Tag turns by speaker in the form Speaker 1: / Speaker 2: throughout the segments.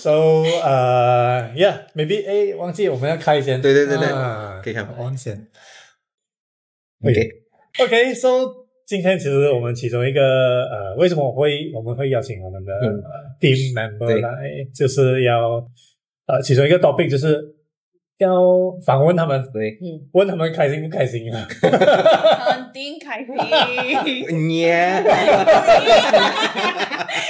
Speaker 1: So，呃、uh, yeah maybe 誒，忘記，我們要開先。對，對，對，對，對、啊，對，給他們忘先。Okay，OK，So，okay, 今天其實我們其中一個，呃，為什麼我會我們會邀請我們的、嗯呃、team member 來，就是要，呃，其中一個 topic 就是要訪問他們對問他們開心不開心啊。肯
Speaker 2: 定開心。
Speaker 3: 你。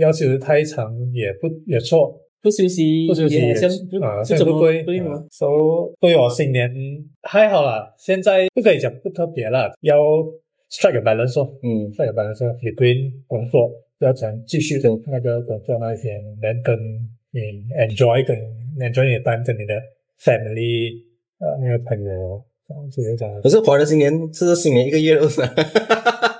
Speaker 1: 要求太長也不也錯不休息，息也、啊、不休息先就拿這個規
Speaker 2: 定所
Speaker 1: 以對我新年、嗯、還好啦現在不可以講不特別啦，要 strike a balance、哦、嗯 strike a balance 也、哦、對工作不要想繼續跟那個工作那一天能跟你 enjoy 跟你 enjoy 你的，time，跟你的 family 呃你的、那個、朋友這樣子
Speaker 3: 講。可是華人新年是，是新年一個月哈哈哈哈